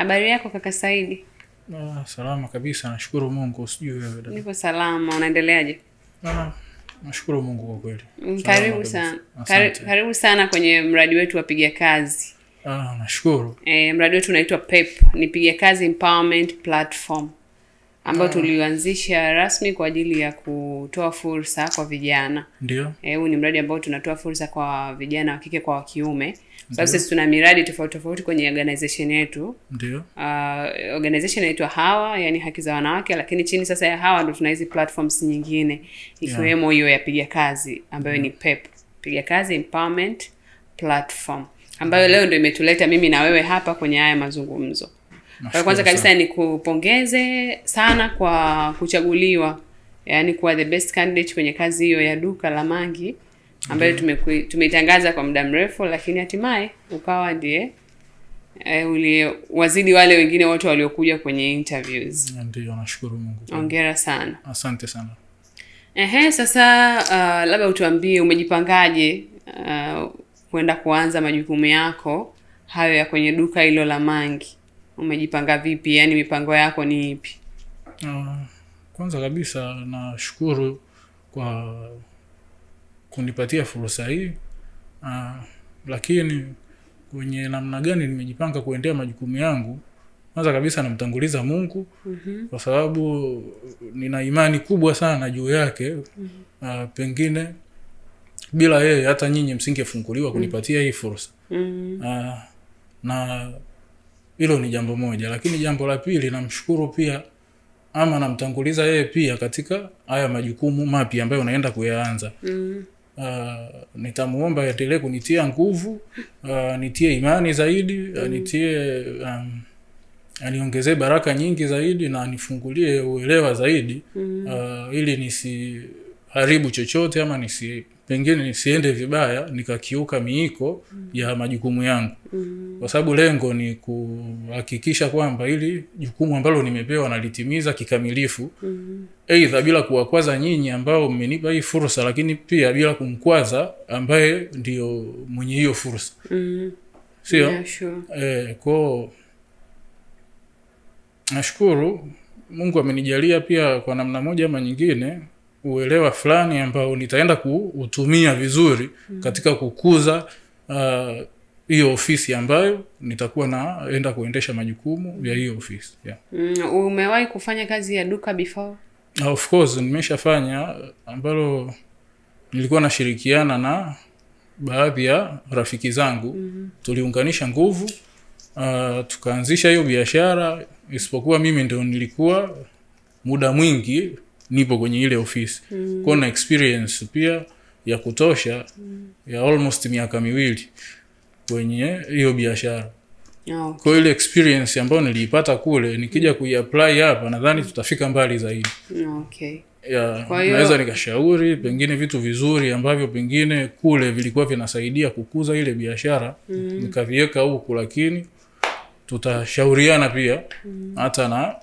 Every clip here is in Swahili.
Habari yako kaka Saidi? Ah, salama kabisa, nashukuru Mungu. Sijui wewe dada? Niko salama, unaendeleaje? Ah, nashukuru Mungu kwa kweli. Karibu sana. Karibu sana kwenye mradi wetu wa Piga Kazi. Ah, nashukuru. Eh, mradi wetu unaitwa PEP, ni Piga Kazi Empowerment Platform ambayo yeah. tulianzisha rasmi kwa ajili ya kutoa fursa kwa vijana. Ndio. Eh, huu ni mradi ambao tunatoa fursa kwa vijana wa kike kwa wa kiume. Sasa sisi tuna miradi tofauti tofauti kwenye organization yetu. Ndio. Uh, organization inaitwa Hawa, yani haki za wanawake, lakini chini sasa ya Hawa ndo tuna hizi platforms nyingine ikiwemo hiyo yeah. ya piga kazi ambayo mm. ni PEP. Mm-hmm. E piga kazi empowerment platform ambayo leo ndo imetuleta mimi na wewe hapa kwenye haya mazungumzo. Kwa kwanza kabisa nikupongeze sana kwa kuchaguliwa, yaani kuwa the best candidate kwenye kazi hiyo ya duka la mangi ambayo tumeitangaza kwa muda mrefu, lakini hatimaye ukawa ndiye e, wale wengine wote waliokuja kwenye interviews. Ndiyo, nashukuru Mungu. ongera sana. Asante sana. Ehe, sasa uh, labda utuambie umejipangaje uh, kwenda kuanza majukumu yako hayo ya kwenye duka hilo la mangi? umejipanga vipi? Yaani mipango yako ni ipi? Uh, kwanza kabisa nashukuru kwa kunipatia fursa hii uh, lakini kwenye namna gani nimejipanga kuendea majukumu yangu, kwanza kabisa namtanguliza Mungu mm -hmm. kwa sababu nina imani kubwa sana juu yake mm -hmm. uh, pengine bila yeye hata nyinyi msingefunguliwa kunipatia mm -hmm. hii fursa mm -hmm. uh, na hilo ni jambo moja, lakini jambo la pili, namshukuru pia ama namtanguliza yeye pia katika haya majukumu mapya ambayo unaenda kuyaanza. mm. Uh, nitamuomba endelee kunitia nguvu, uh, nitie imani zaidi uh, mm. nitie um, aniongezee baraka nyingi zaidi na anifungulie uelewa zaidi mm. uh, ili nisiharibu chochote ama nisi pengine nisiende vibaya nikakiuka miiko mm. ya majukumu yangu mm. kwa sababu lengo ni kuhakikisha kwamba ili jukumu ambalo nimepewa nalitimiza kikamilifu mm. eidha bila kuwakwaza nyinyi ambao mmenipa hii fursa, lakini pia bila kumkwaza ambaye ndio mwenye hiyo fursa mm. sio? Yeah, sure. E, eh, ko nashukuru Mungu amenijalia pia kwa namna moja ama nyingine uelewa fulani ambao nitaenda kuutumia vizuri mm. katika kukuza uh, hiyo uh, ofisi ambayo nitakuwa naenda kuendesha majukumu ya hiyo ofisi yeah. mm, umewahi kufanya kazi ya duka before? Uh, of course nimeshafanya, ambalo nilikuwa nashirikiana na baadhi ya rafiki zangu mm -hmm. tuliunganisha nguvu uh, tukaanzisha hiyo biashara, isipokuwa mimi ndio nilikuwa muda mwingi nipo kwenye ile ofisi mm. kwao na experience pia ya kutosha mm. ya almost miaka miwili kwenye hiyo biashara ah, okay. kwao ile experience ambayo niliipata kule nikija mm. kuiapply hapa nadhani tutafika mbali zaidi ah, okay. Yeah, naweza nikashauri pengine vitu vizuri ambavyo pengine kule vilikuwa vinasaidia kukuza ile biashara mm. nikaviweka huku, lakini tutashauriana pia mm. hata na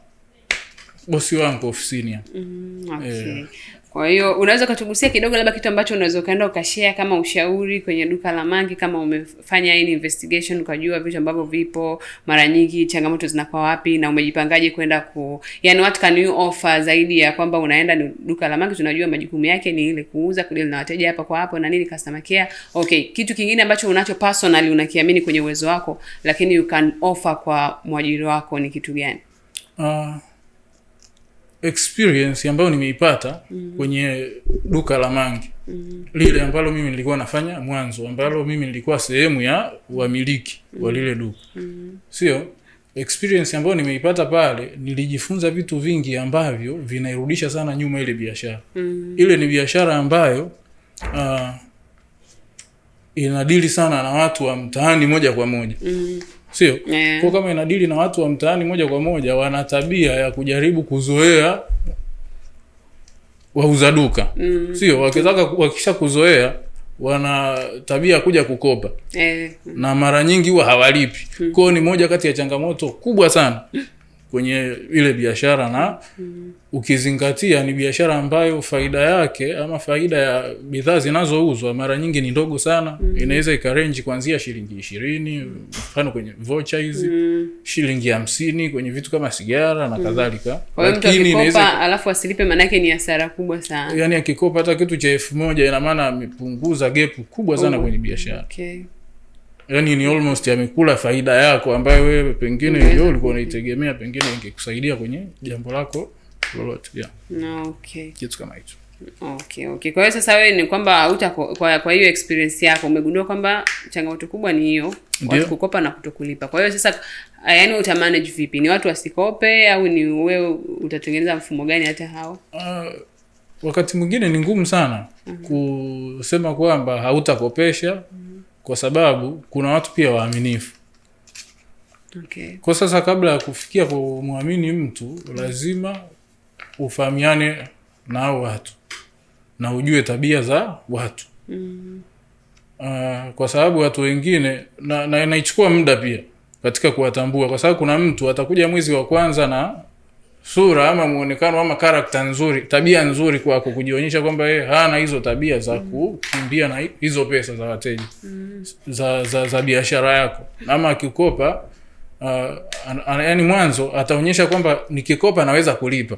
bosi wangu ofisini. mm, okay. Yeah. Kwa hiyo unaweza ukatugusia kidogo, labda kitu ambacho unaweza ukaenda ukashare kama ushauri kwenye duka la mangi, kama umefanya hii investigation ukajua vitu ambavyo vipo, mara nyingi changamoto zinakuwa wapi, na umejipangaje kwenda ku, yani what can you offer zaidi ya kwamba unaenda ni duka la mangi, tunajua majukumu yake ni ile kuuza, kudeal na wateja hapa kwa hapo na nini, customer care. Okay, kitu kingine ambacho unacho personally unakiamini kwenye uwezo wako, lakini you can offer kwa mwajiri wako ni kitu gani? uh experience ambayo nimeipata mm -hmm. kwenye duka la mangi mm -hmm. lile ambalo mimi nilikuwa nafanya mwanzo, ambalo mimi nilikuwa sehemu ya wamiliki mm -hmm. wa lile mm-hmm. duka mm -hmm. sio experience ambayo nimeipata pale, nilijifunza vitu vingi ambavyo vinairudisha sana nyuma ile biashara mm -hmm. ile ni biashara ambayo uh, inadili sana na watu wa mtaani moja kwa moja mm -hmm sio yeah. Kwa kama inadili na watu wa mtaani moja kwa moja, wana tabia ya kujaribu kuzoea wauza duka mm. sio wakizaka wakisha kuzoea wana tabia ya kuja kukopa eh. na mara nyingi huwa hawalipi hmm. kwao ni moja kati ya changamoto kubwa sana mm kwenye ile biashara na mm. ukizingatia ni biashara ambayo faida yake ama faida ya bidhaa zinazouzwa mara nyingi ni ndogo sana mm. inaweza ikarenji kuanzia shilingi ishirini mm. mfano kwenye vocha hizi mm. shilingi hamsini kwenye vitu kama sigara na mm. kadhalika alafu asilipe ni hasara kubwa sana yani akikopa hata kitu cha elfu moja inamaana amepunguza gepu kubwa sana oh. kwenye biashara okay yani ni almost amekula faida yako ambayo wewe pengine hiyo ulikuwa unaitegemea, pengine ingekusaidia kwenye jambo lako lolote. Yeah. No, okay. Kitu kama hicho. Okay, okay. Kwa hiyo sasa wewe ni kwamba uta kwa, kwa hiyo experience yako umegundua kwamba changamoto kubwa ni hiyo watu kukopa na kutokulipa. Kwa hiyo sasa, ah, yaani uta manage vipi? Ni watu wasikope au ni wewe utatengeneza mfumo gani hata hao? Uh, wakati mwingine ni ngumu sana uh-huh. kusema kwamba hautakopesha uh-huh kwa sababu kuna watu pia waaminifu okay. kwa sasa kabla ya kufikia kumwamini mtu lazima ufahamiane na watu na ujue tabia za watu mm. uh, kwa sababu watu wengine na, na, naichukua muda pia katika kuwatambua kwa sababu kuna mtu atakuja mwezi wa kwanza na sura ama muonekano ama karakta nzuri, tabia nzuri kwako, kujionyesha kwamba yeye hana hizo tabia za mm. kukimbia na hizo pesa za wateja mm. za, za, za biashara yako, ama akikopa uh, an, yani mwanzo ataonyesha kwamba nikikopa naweza kulipa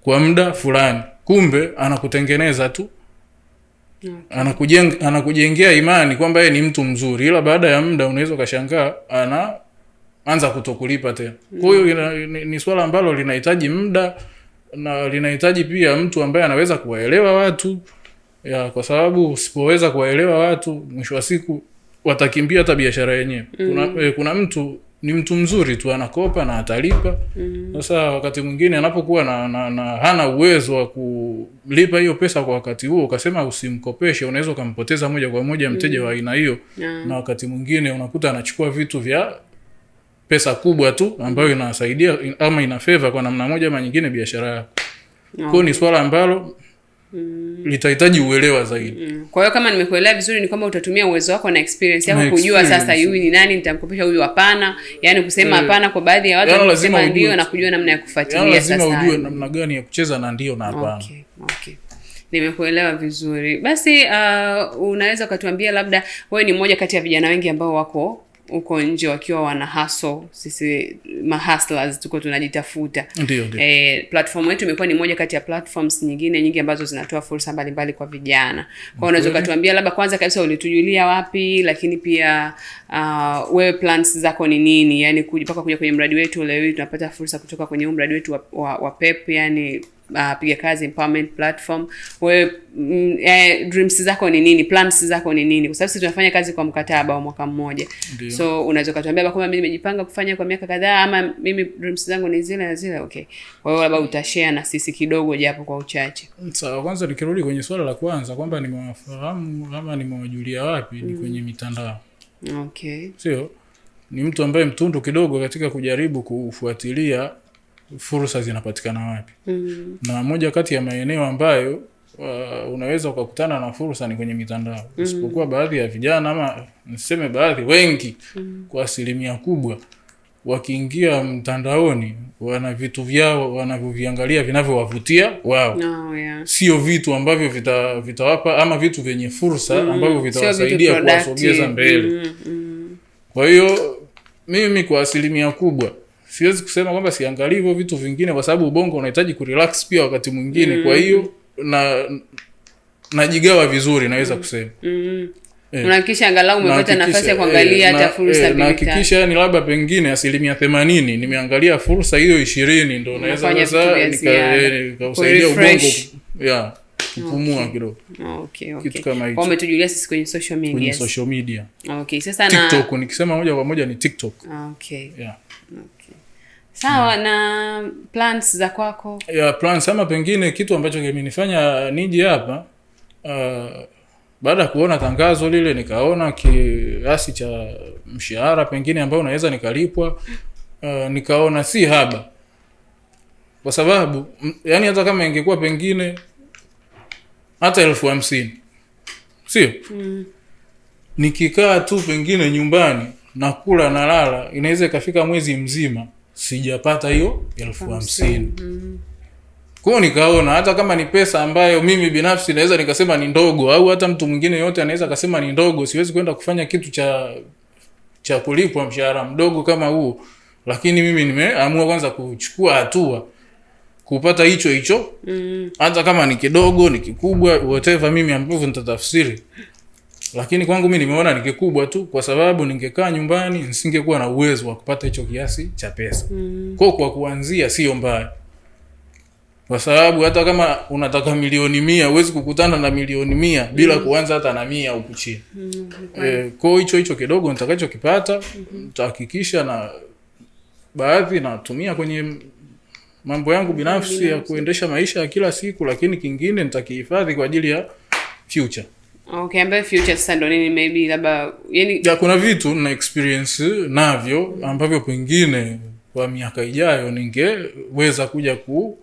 kwa muda fulani, kumbe anakutengeneza tu anakujengea imani kwamba yeye ni mtu mzuri, ila baada ya muda unaweza ukashangaa ana anza kutokulipa tena. Kwa hiyo ni, ni swala ambalo linahitaji muda na linahitaji pia mtu ambaye anaweza kuwaelewa watu ya, kwa sababu usipoweza kuwaelewa watu, mwisho wa siku watakimbia hata biashara yenyewe. mm. Kuna, mm. eh, kuna mtu ni mtu mzuri tu anakopa na atalipa. Mm. Sasa mm. wakati mwingine anapokuwa na, na, na hana uwezo wa kulipa hiyo pesa kwa wakati huo, ukasema usimkopeshe, unaweza ukampoteza moja kwa moja mteja mm. wa aina hiyo yeah. na wakati mwingine unakuta anachukua vitu vya pesa kubwa tu ambayo inawasaidia ama ina feva kwa namna moja ama nyingine biashara yako Kwao ni swala ambalo mm. litahitaji uelewa zaidi mm. Kwa hiyo kama nimekuelewa vizuri, ni kwamba utatumia uwezo wako na experience yako kujua sasa, huyu ni nani nitamkopesha huyu hapana, yani kusema eh. hapana Kwa baadhi ya watu yaani kusema ndio na kujua namna ya yaani kufuatilia sasa, lazima ujue namna gani ya kucheza na ndio na hapana. Okay. Okay. Nimekuelewa vizuri basi. Uh, unaweza ukatuambia labda wewe ni mmoja kati ya vijana wengi ambao wako huko nje wakiwa wana haso sisi mahustlers tuko tunajitafuta. Ndio, ndio. Eh, platform yetu imekuwa ni moja kati ya platforms nyingine nyingi ambazo zinatoa fursa mbalimbali kwa vijana. kwao hiyo unaweza ukatuambia labda kwanza kabisa ulitujulia wapi, lakini pia uh, wewe plans zako ni nini? yani mpaka kuja kwenye mradi wetu leo hii tunapata fursa kutoka kwenye mradi wetu wa, wa, wa PEP yani uh, piga kazi empowerment platform. we, mm, eh, dreams zako ni nini? Plans zako ni nini? Kwa sababu sisi tunafanya kazi kwa mkataba wa mwaka mmoja. Ndiyo. So unaweza kutuambia kwamba mimi nimejipanga kufanya kwa miaka kadhaa ama mimi dreams zangu ni zile na zile. Okay. Kwa hiyo labda utashare na sisi kidogo japo kwa uchache. Sawa, kwanza nikirudi kwenye swala la kwanza kwamba nimewafahamu ama nimewajulia wapi mm. ni kwenye mitandao. Okay. Sio? Ni mtu ambaye mtundu kidogo katika kujaribu kufuatilia fursa zinapatikana wapi? mm. na moja kati ya maeneo ambayo Uh, unaweza ukakutana na fursa ni kwenye mitandao mm. Isipokuwa baadhi ya vijana ama niseme baadhi wengi mm. kwa asilimia kubwa wakiingia mtandaoni wana vitu vyao wanavyoviangalia vinavyowavutia wao. No, oh, yeah. Sio vitu ambavyo vita, vitawapa ama vitu vyenye fursa mm. ambavyo vitawasaidia kuwasogeza mbele mm. mm. Kwa hiyo mimi kwa asilimia kubwa siwezi kusema kwamba siangalii hivyo vitu vingine, kwa sababu ubongo unahitaji kurelax pia wakati mwingine mm. Kwa hiyo na najigawa vizuri, naweza mm. kusema mm. Eh, unahakikisha angalau umepata nafasi ya kuangalia eh, hata fursa eh, nahakikisha yani labda pengine asilimia themanini nimeangalia fursa hiyo ishirini ndo naweza nikausaidia eh, ubongo kupumua kidogo okay, okay. kitu kama hicho sisi kwenye social media kwenye social media okay sasa na TikTok nikisema moja kwa moja ni TikTok okay yeah sawa na plans za kwako ya plans ama pengine kitu ambacho kimenifanya niji hapa uh, baada ya kuona tangazo lile nikaona kiasi cha mshahara pengine ambayo unaweza nikalipwa uh, nikaona si haba kwa sababu yani hata kama ingekuwa pengine hata elfu hamsini sio mm. nikikaa tu pengine nyumbani nakula nalala inaweza ikafika mwezi mzima sijapata hiyo elfu hamsini. Mm. Kwao nikaona hata kama ni pesa ambayo mimi binafsi naweza nikasema ni ndogo, au hata mtu mwingine yote anaweza akasema ni ndogo, siwezi kwenda kufanya kitu cha cha kulipwa mshahara mdogo kama huu, lakini mimi nimeamua kwanza kuchukua hatua kupata hicho hicho mm. hata mm. kama ni kidogo, ni kikubwa, whatever, mimi ambavyo nitatafsiri lakini kwangu mi nimeona ni kikubwa tu, kwa sababu ningekaa nyumbani nisingekuwa na uwezo wa kupata hicho kiasi cha pesa mm. Kwao kwa kuanzia sio mbaya, kwa sababu hata kama unataka milioni mia uwezi kukutana na milioni mia bila mm. kuanza hata na mia huku chini mm. E, eh, kwao hicho hicho kidogo ntakachokipata mm-hmm. ntahakikisha mm -hmm. na baadhi natumia kwenye mambo yangu binafsi ya kuendesha maisha ya kila siku, lakini kingine ntakihifadhi kwa ajili ya future okay ambayo future sasa ndo nini maybe labda yani ya kuna vitu na experience navyo ambavyo pengine kwa miaka ijayo ningeweza kuja ku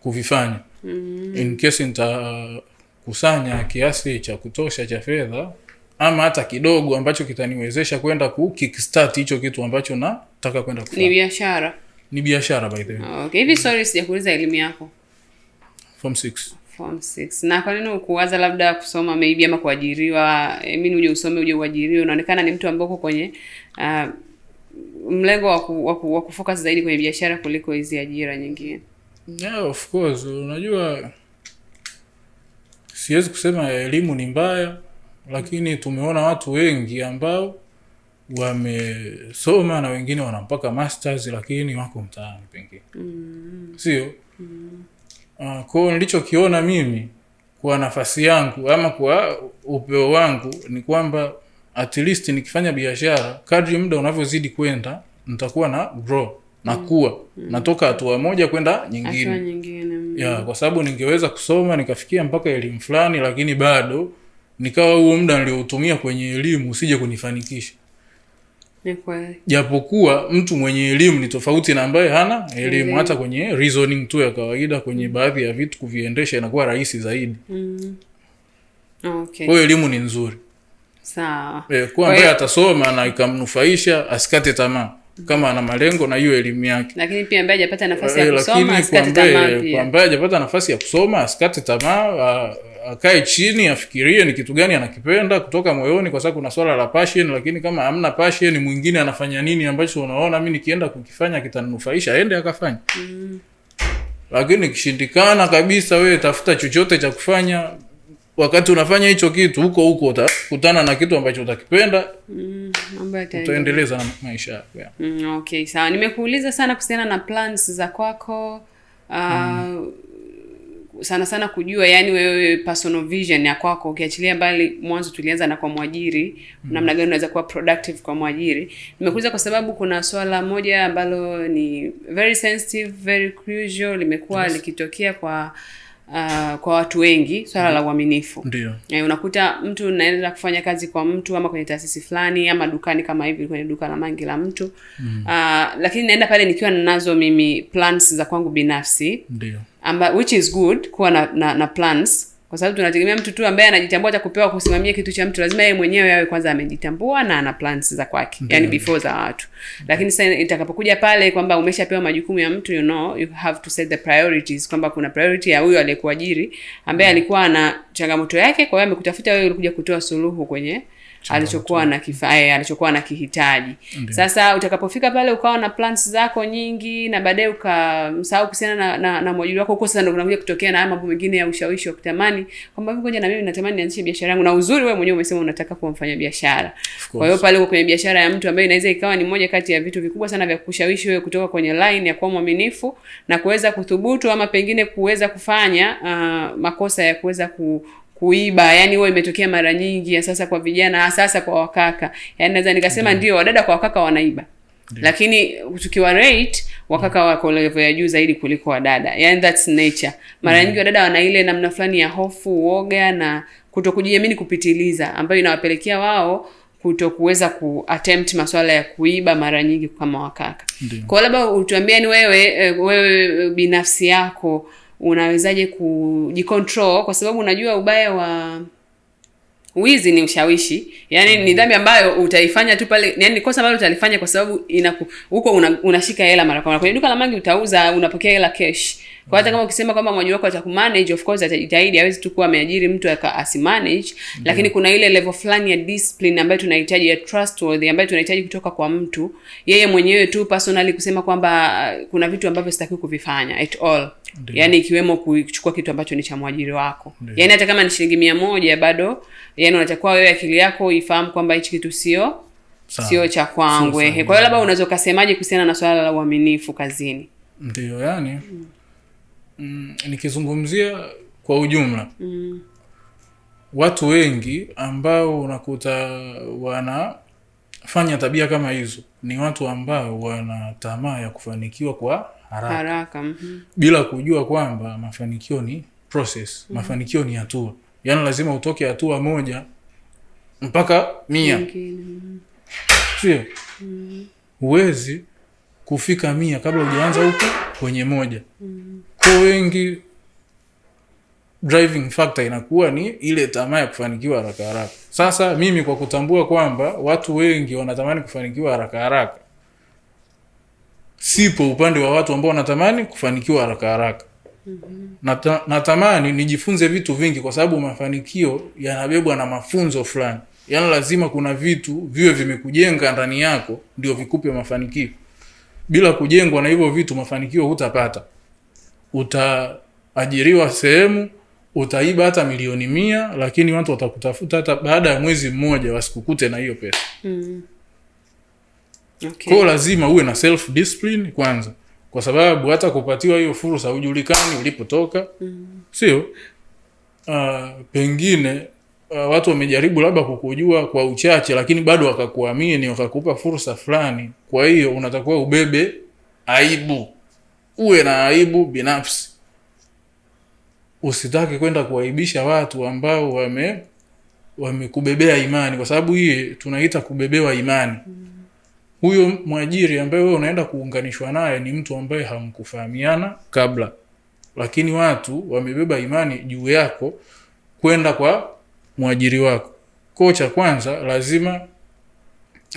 kuvifanya mm. in case nitakusanya kiasi cha kutosha cha fedha ama hata kidogo ambacho kitaniwezesha kwenda ku kickstart hicho kitu ambacho nataka kwenda kufanya ni biashara ni biashara by the way okay hivi sorry sijakuuliza elimu yako form 6 form 6. Na kwa nini ukuwaza labda kusoma maybe ama kuajiriwa? I mean uje usome uje uajiriwe. Unaonekana ni mtu ambaye uko kwenye uh, mlengo wa waku, waku, zaidi kwenye biashara kuliko hizi ajira nyingine. Yeah, of course. Unajua siwezi kusema elimu ni mbaya, lakini tumeona watu wengi ambao wamesoma na wengine wana mpaka masters lakini wako mtaani pengine. Mm. Sio? Mm. Uh, kwa hiyo nilichokiona mimi kwa nafasi yangu ama kwa upeo wangu ni kwamba at least nikifanya biashara, kadri muda unavyozidi kwenda nitakuwa na grow nakuwa mm. mm. natoka hatua moja kwenda nyingine, nyingine mm. ya, kwa sababu ningeweza kusoma nikafikia mpaka elimu fulani, lakini bado nikawa huo muda nilioutumia kwenye elimu usije kunifanikisha japokuwa mtu mwenye elimu ni tofauti na ambaye hana elimu Hata kwenye reasoning tu ya kawaida kwenye mm. baadhi ya vitu kuviendesha inakuwa rahisi zaidi mm. Okay. Kwayo elimu ni nzuri E, kuwa eh, ambaye atasoma na ikamnufaisha asikate tamaa kama ana malengo na hiyo elimu yake, lakini pia ambaye hajapata nafasi ya eh, kusoma asikate tamaa ah, akae chini afikirie ni kitu gani anakipenda kutoka moyoni, kwa sababu kuna swala la passion. Lakini kama hamna passion, mwingine anafanya nini ambacho unaona mimi nikienda kukifanya kitanufaisha aende akafanya mm. Lakini kishindikana kabisa, wewe tafuta chochote cha kufanya. Wakati unafanya hicho kitu, huko huko utakutana na kitu ambacho utakipenda mm, utaendeleza na maisha yako yeah. Mm, okay, sawa. Nimekuuliza sana kuhusiana na plans za kwako uh, mm sana sana kujua yani wewe personal vision ya kwako, ukiachilia mbali, mwanzo tulianza na kwa mwajiri mm namna gani unaweza kuwa productive kwa mwajiri. Nimekuuliza kwa sababu kuna swala moja ambalo ni very sensitive, very crucial limekuwa yes. likitokea kwa uh, kwa watu wengi swala la mhm. uaminifu. E, unakuta mtu naenda kufanya kazi kwa mtu ama kwenye taasisi fulani ama dukani kama hivi kwenye duka la mangi la mtu mm. Uh, lakini naenda pale nikiwa nazo mimi plans za kwangu binafsi. Ndio. Amba, which is good kuwa na, na, na plans kwa sababu tunategemea mtu tu ambaye anajitambua cha kupewa kusimamia kitu cha mtu, lazima yeye mwenyewe awe kwanza amejitambua na ana plans za kwake, mhm. yani before za watu. Lakini sasa itakapokuja pale kwamba umeshapewa majukumu ya mtu, you know you have to set the priorities, kwamba kuna priority ya huyo aliyekuajiri ambaye mhm. alikuwa ana changamoto yake, kwa hiyo amekutafuta wewe ulikuja kutoa suluhu kwenye alichokuwa na anakifaa eh, alichokuwa na kihitaji Ndiyo. Sasa utakapofika pale ukawa na plans zako nyingi na baadaye ukamsahau kuhusiana na, na, na mwajiri wako huko, sasa ndio kunakuja kutokea na mambo mengine ya ushawishi wa kutamani kwamba ngoja na mimi natamani nianzishe biashara yangu, na uzuri wewe mwenyewe umesema unataka kuwa mfanya biashara. Kwa hiyo pale uko kwenye biashara ya mtu ambaye inaweza ikawa ni moja kati ya vitu vikubwa sana vya kushawishi wewe kutoka kwenye line ya kuwa mwaminifu na kuweza kuthubutu ama pengine kuweza kufanya uh, makosa ya kuweza ku kuiba yani, huwa imetokea mara nyingi ya sasa kwa vijana, sasa kwa wakaka. Yani naweza nikasema ndio wadada kwa wakaka wanaiba Deo. Lakini tukiwa rate wakaka wako level ya juu zaidi kuliko wadada, yani that's nature. Mara mm. nyingi wadada wana ile namna fulani ya hofu, uoga na kutokujiamini kupitiliza, ambayo inawapelekea wao kutokuweza kuattempt masuala ya kuiba mara nyingi kama wakaka. Kwa labda utuambie ni wewe, eh, wewe eh, binafsi yako unawezaje kujicontrol, kwa sababu unajua ubaya wa wizi ni ushawishi. Yaani ni dhambi ambayo utaifanya tu pale, yaani ni kosa ambalo utalifanya kwa sababu inaku huko una, unashika hela mara kwa mara. Kwenye duka la mangi utauza, unapokea hela cash. Kwa hata kama ukisema kwamba mwajiri wako atakumanage, of course atajitahidi, hawezi tu kuwa ameajiri mtu asimanage, lakini kuna ile level fulani ya discipline ambayo tunahitaji ya trustworthy ambayo tunahitaji kutoka kwa mtu yeye mwenyewe tu personally kusema kwamba uh, kuna vitu ambavyo sitaki kuvifanya at all. Ndiyo. Yani ikiwemo kuchukua kitu ambacho ni cha mwajiri wako. Ndiyo. Yani hata kama ni shilingi mia moja bado yani unatakiwa wewe akili yako ifahamu kwamba hichi kitu sio sio cha kwangu. Kwa hiyo labda unaweza ukasemaje kuhusiana na swala la uaminifu kazini? ndiyo yani mm. Mm, nikizungumzia kwa ujumla mm. watu wengi ambao unakuta wanafanya tabia kama hizo ni watu ambao wana tamaa ya kufanikiwa kwa haraka, haraka. Mm -hmm. bila kujua kwamba mafanikio ni process. Mm -hmm. mafanikio ni hatua, yaani lazima utoke hatua moja mpaka mia mm -hmm. mm huwezi -hmm. kufika mia kabla hujaanza huko kwenye moja mm -hmm so wengi driving factor inakuwa ni ile tamaa ya kufanikiwa haraka haraka. Sasa mimi kwa kutambua kwamba watu wengi wanatamani kufanikiwa haraka haraka, sipo upande wa watu ambao wanatamani kufanikiwa haraka haraka. Mm-hmm. Nata, natamani nijifunze vitu vingi kwa sababu mafanikio yanabebwa na mafunzo fulani, yaani lazima kuna vitu viwe vimekujenga ndani yako ndio vikupe mafanikio. Bila kujengwa na hivyo vitu, mafanikio hutapata utaajiriwa sehemu utaiba hata milioni mia, lakini watu watakutafuta hata baada ya mwezi mmoja wasikukute na hiyo pesa mm. Okay. Kwao lazima uwe na self discipline kwanza, kwa sababu hata kupatiwa hiyo fursa hujulikani ulipotoka mm. Sio uh, pengine uh, watu wamejaribu labda kukujua kwa uchache, lakini bado wakakuamini wakakupa fursa fulani. Kwa hiyo unatakiwa ubebe aibu uwe na aibu binafsi, usitaki kwenda kuwaibisha watu ambao wame wamekubebea imani, kwa sababu hii tunaita kubebewa imani. Huyo mwajiri ambaye wewe unaenda kuunganishwa naye ni mtu ambaye hamkufahamiana kabla, lakini watu wamebeba imani juu yako kwenda kwa mwajiri wako. Kwa cha kwanza lazima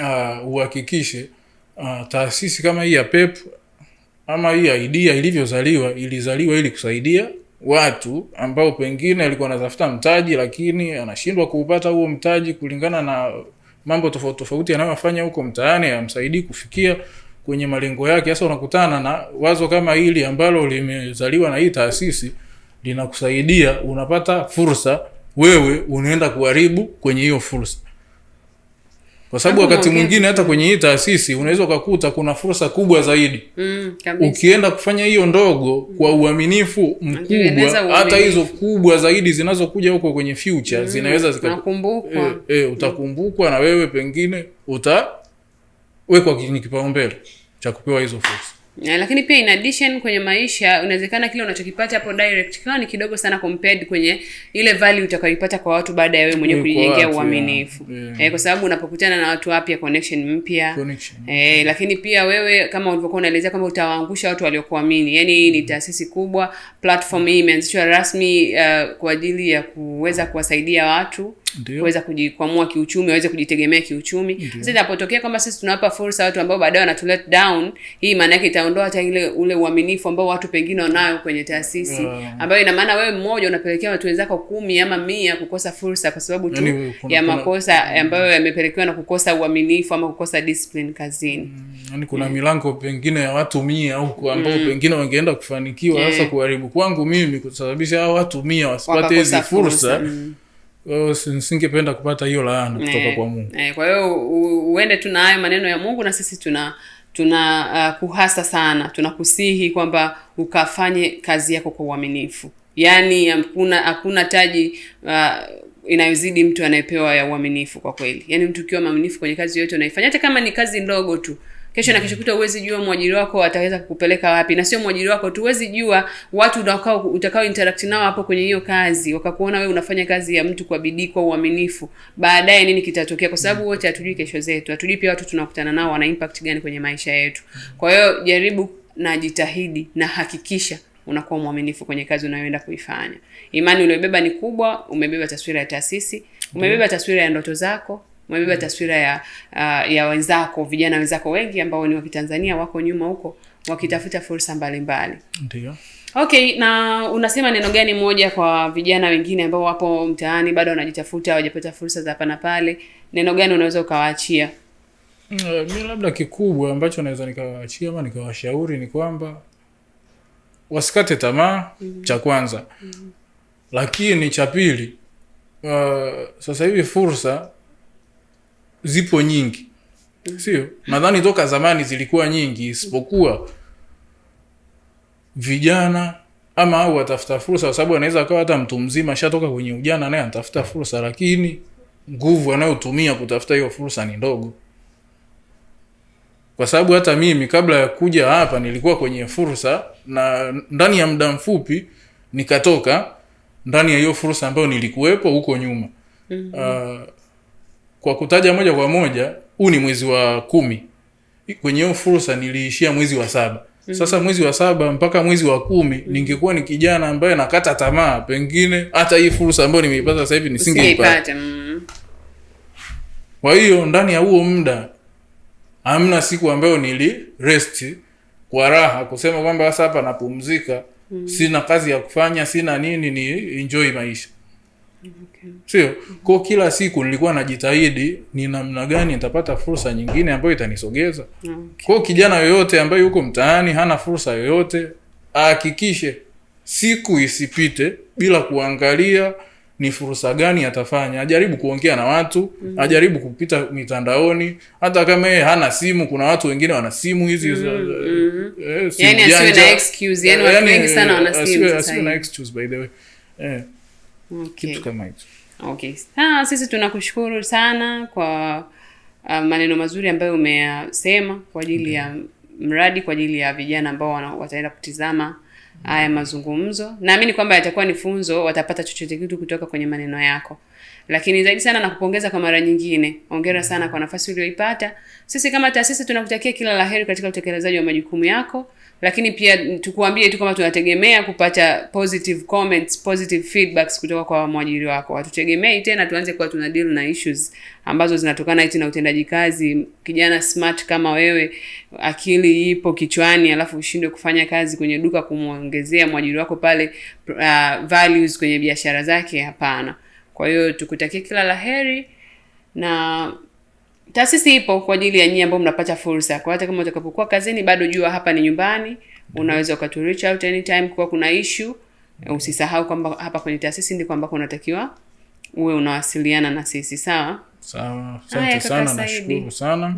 ah, uhakikishe uh, uh, taasisi kama hii ya PEP ama hii idea ilivyozaliwa ilizaliwa ili kusaidia watu ambao pengine alikuwa anatafuta mtaji lakini anashindwa kuupata huo mtaji kulingana na mambo tofauti tofauti anayofanya huko mtaani, amsaidii kufikia kwenye malengo yake. hasa unakutana na wazo kama hili ambalo limezaliwa na hii taasisi, linakusaidia unapata fursa, wewe unaenda kuharibu kwenye hiyo fursa kwa sababu wakati mwingine hata mm. kwenye hii taasisi unaweza ukakuta kuna fursa kubwa zaidi mm, ukienda kufanya hiyo ndogo kwa uaminifu mkubwa, hata hizo kubwa zaidi zinazokuja huko kwenye future mm, zinaweza zika e, e, utakumbukwa na wewe pengine utawekwa kwenye kipaumbele cha kupewa hizo fursa. Eh, lakini pia in addition kwenye maisha inawezekana kile unachokipata hapo direct kwa ni kidogo sana compared kwenye ile value utakayoipata kwa watu baada ya wewe mwenyewe eh, kujijengea uaminifu yeah. Eh, kwa sababu unapokutana na watu wapya connection mpya eh, lakini pia wewe kama ulivyokuwa unaelezea kwamba utawaangusha watu waliokuamini, yani hii ni mm. taasisi kubwa, platform hii imeanzishwa rasmi uh, kwa ajili ya kuweza kuwasaidia watu kuweza kujikwamua kiuchumi, waweze kujitegemea kiuchumi. Sasa inapotokea kwamba sisi tunawapa fursa watu ambao baadae wanatu down, hii maana yake itaondoa hata ile ule uaminifu ambao watu pengine wanayo kwenye taasisi yeah, ambayo ina maana wewe mmoja unapelekea watu wenzako kumi ama mia kukosa fursa kwa sababu tu yani, ya makosa mm. ambayo yamepelekewa na kukosa uaminifu ama kukosa discipline kazini. Mm, yani kuna yeah, milango pengine ya watu mia au ambao mm, pengine wangeenda kufanikiwa sasa, yeah, kuharibu kwangu mimi kusababisha hao watu mia wasipate hizi fursa mm singependa kupata hiyo laana kutoka eh, kwa Mungu. E, kwa hiyo uende tu na hayo maneno ya Mungu na sisi tuna tuna uh, kuhasa sana, tunakusihi kwamba ukafanye kazi yako kwa uaminifu. Yaani hakuna hakuna taji uh, inayozidi mtu anayepewa ya uaminifu kwa kweli. Yaani mtu ukiwa mwaminifu kwenye kazi yoyote unaifanya hata kama ni kazi ndogo tu kesho na kesho kuta huwezi jua mwajiri wako ataweza kukupeleka wapi, na sio mwajiri wako tu, jua watu utakao utakao interact nao hapo kwenye hiyo kazi, wakakuona wewe unafanya kazi ya mtu kwa bidii, kwa uaminifu, baadaye nini kitatokea, kwa sababu wote hatujui kesho zetu, hatujui pia watu tunakutana nao wana impact gani kwenye maisha yetu. Kwa hiyo jaribu na jitahidi na hakikisha unakuwa mwaminifu kwenye kazi unayoenda kuifanya. Imani uliyobeba ni kubwa, umebeba taswira ya taasisi, umebeba taswira ya ndoto zako, umebeba taswira ya uh, ya wenzako vijana wenzako wengi ambao ni wakitanzania wako nyuma huko wakitafuta fursa mbalimbali. Ndio. Okay, na unasema neno gani moja kwa vijana wengine ambao wapo mtaani bado wanajitafuta, wajapata fursa za hapa na pale? Neno gani unaweza ukawaachia? Mi labda kikubwa ambacho naweza nikawaachia ama nikawashauri ni kwamba wasikate tamaa, mm -hmm. cha kwanza mm -hmm. Lakini cha pili, uh, sasa hivi fursa zipo nyingi sio nadhani toka zamani zilikuwa nyingi isipokuwa vijana ama au watafuta fursa kwa sababu anaweza akawa hata mtu mzima shatoka kwenye ujana naye anatafuta fursa lakini nguvu anayotumia kutafuta hiyo fursa ni ndogo kwa sababu hata mimi kabla ya kuja hapa nilikuwa kwenye fursa na ndani ya muda mfupi nikatoka ndani ya hiyo fursa ambayo nilikuwepo huko nyuma mm-hmm. uh, kwa kutaja moja kwa moja, huu ni mwezi wa kumi. Kwenye hiyo fursa niliishia mwezi wa saba. Mhm. Sasa mwezi wa saba mpaka mwezi wa kumi mhm. ningekuwa ni kijana ambaye nakata tamaa, pengine hata hii fursa ambayo nimeipata sasa hivi nisingeipata. Mm. Kwa hiyo ndani ya huo muda hamna siku ambayo nili rest kwa raha kusema kwamba sasa hapa napumzika, mm. sina kazi ya kufanya, sina nini, ni enjoy maisha sio ko kila siku nilikuwa najitahidi ni namna gani nitapata fursa nyingine ambayo itanisogeza okay. Mm. kijana yoyote ambaye yuko mtaani hana fursa yoyote ahakikishe siku isipite bila kuangalia ni fursa gani atafanya, ajaribu kuongea na watu mm ajaribu kupita mitandaoni, hata kama yeye hana simu. Kuna watu wengine wana simu hizi mm -hmm. eh, yani na excuse, yani yaani, eh, na excuse by the way eh okay. kitu kama hicho okay ah, sisi tunakushukuru sana kwa uh, maneno mazuri ambayo umeyasema kwa ajili ya mradi kwa ajili ya vijana ambao wataenda kutizama haya mazungumzo. Naamini kwamba yatakuwa ni funzo, watapata chochote kitu kutoka kwenye maneno yako. Lakini zaidi sana nakupongeza kwa mara nyingine. ongera sana kwa nafasi uliyoipata. Sisi kama taasisi tunakutakia kila laheri katika utekelezaji wa majukumu yako lakini pia tukuambie tu kama tunategemea kupata positive comments, positive feedbacks kutoka kwa mwajiri wako. Hatutegemei tena tuanze kuwa tuna deal na issues ambazo zinatokana na utendaji kazi. Kijana smart kama wewe, akili ipo kichwani, alafu ushindwe kufanya kazi kwenye duka kumwongezea mwajiri wako pale uh, values kwenye biashara zake? Hapana. Kwa hiyo tukutakie kila laheri na Taasisi ipo kwa ajili ya nyinyi ambao mnapata fursa. Kwa hata kama utakapokuwa kazini bado jua hapa ni nyumbani, unaweza ukatu reach out anytime kwa kuna issue. Eh, usisahau kwamba hapa kwenye taasisi ndiko ambako unatakiwa uwe unawasiliana na sisi, sawa? Sawa. Asante sana, nashukuru sana. Mm.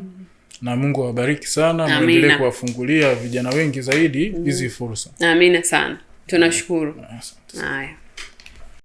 Na Mungu awabariki sana, muendelee kuwafungulia vijana wengi zaidi mm. hizi fursa. Amina sana. Tunashukuru. Haya.